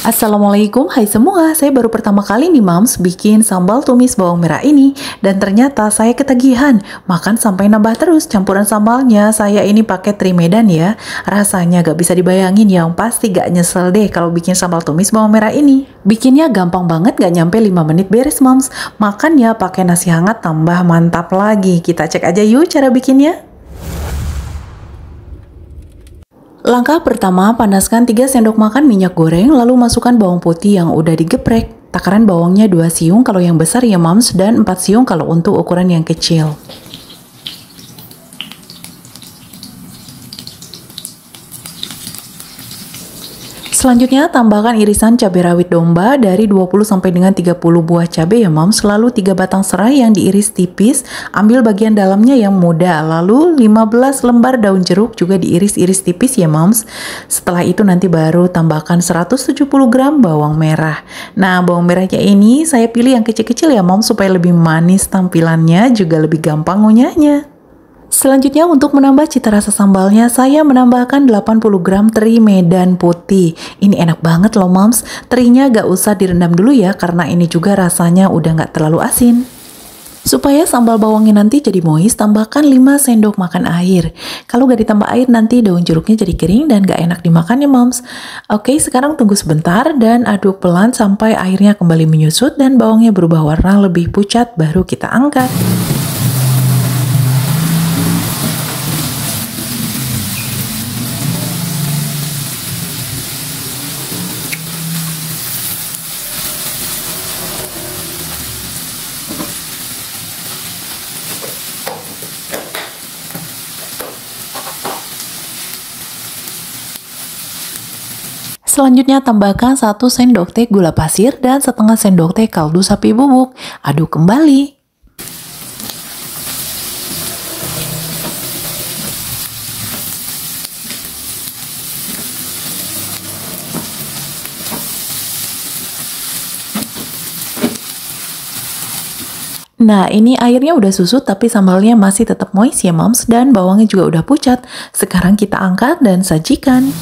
Assalamualaikum, hai semua. Saya baru pertama kali nih Mams bikin sambal tumis bawang merah ini dan ternyata saya ketagihan. Makan sampai nambah terus campuran sambalnya. Saya ini pakai trimedan ya. Rasanya gak bisa dibayangin yang pasti gak nyesel deh kalau bikin sambal tumis bawang merah ini. Bikinnya gampang banget gak nyampe 5 menit beres Mams. Makan ya pakai nasi hangat tambah mantap lagi. Kita cek aja yuk cara bikinnya. Langkah pertama, panaskan 3 sendok makan minyak goreng, lalu masukkan bawang putih yang udah digeprek. Takaran bawangnya 2 siung kalau yang besar ya mams dan 4 siung kalau untuk ukuran yang kecil. Selanjutnya, tambahkan irisan cabai rawit domba dari 20 sampai dengan 30 buah cabai ya, moms. Selalu 3 batang serai yang diiris tipis, ambil bagian dalamnya yang muda. Lalu 15 lembar daun jeruk juga diiris-iris tipis ya, Moms. Setelah itu nanti baru tambahkan 170 gram bawang merah. Nah, bawang merahnya ini saya pilih yang kecil-kecil ya, Mom, supaya lebih manis tampilannya, juga lebih gampang ngunyahnya. Selanjutnya untuk menambah cita rasa sambalnya, saya menambahkan 80 gram teri medan putih. Ini enak banget loh moms, terinya gak usah direndam dulu ya karena ini juga rasanya udah gak terlalu asin. Supaya sambal bawangnya nanti jadi moist, tambahkan 5 sendok makan air. Kalau gak ditambah air, nanti daun jeruknya jadi kering dan gak enak dimakan ya moms. Oke, sekarang tunggu sebentar dan aduk pelan sampai airnya kembali menyusut dan bawangnya berubah warna lebih pucat, baru kita angkat. Selanjutnya tambahkan 1 sendok teh gula pasir dan setengah sendok teh kaldu sapi bubuk. Aduk kembali. Nah, ini airnya udah susut tapi sambalnya masih tetap moist ya moms dan bawangnya juga udah pucat. Sekarang kita angkat dan sajikan.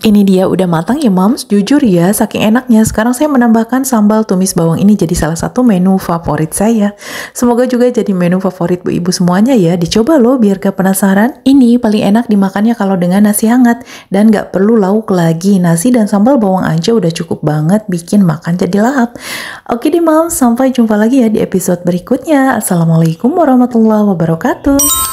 Ini dia udah matang ya moms, jujur ya saking enaknya sekarang saya menambahkan sambal tumis bawang ini jadi salah satu menu favorit saya. Semoga juga jadi menu favorit bu ibu semuanya ya, dicoba loh biar gak penasaran. Ini paling enak dimakannya kalau dengan nasi hangat dan gak perlu lauk lagi, nasi dan sambal bawang aja udah cukup banget bikin makan jadi lahap. Oke deh moms, sampai jumpa lagi ya di episode berikutnya. Assalamualaikum warahmatullahi wabarakatuh.